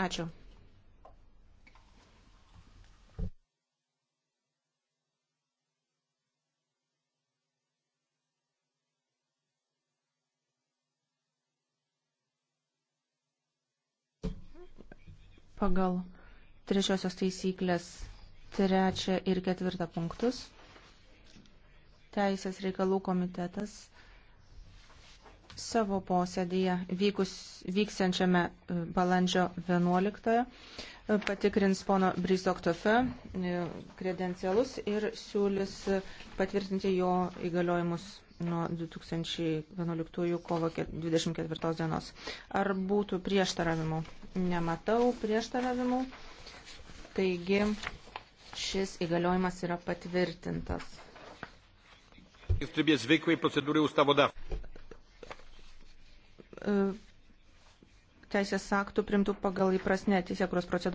Ačiū. Pagal trečiosios taisyklės trečią ir ketvirtą punktus Teisės reikalų komitetas savo posėdėje vykus, vyksiančiame e, balandžio 11 e, patikrins pono Brisoktofe e, kredencialus ir siūlis patvirtinti jo įgaliojimus nuo 2011 kovo 24 dienos. Ar būtų prieštaravimų? Nematau prieštaravimų. Taigi šis įgaliojimas yra patvirtintas. W trybie zwykłej procedury ustawodawczej. E, teisės aktų primtų pagal įprasnę teisėkuros procedūrą